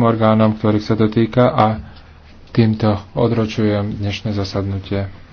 tým orgánom, ktorých sa to týka a týmto odročujem dnešné zasadnutie.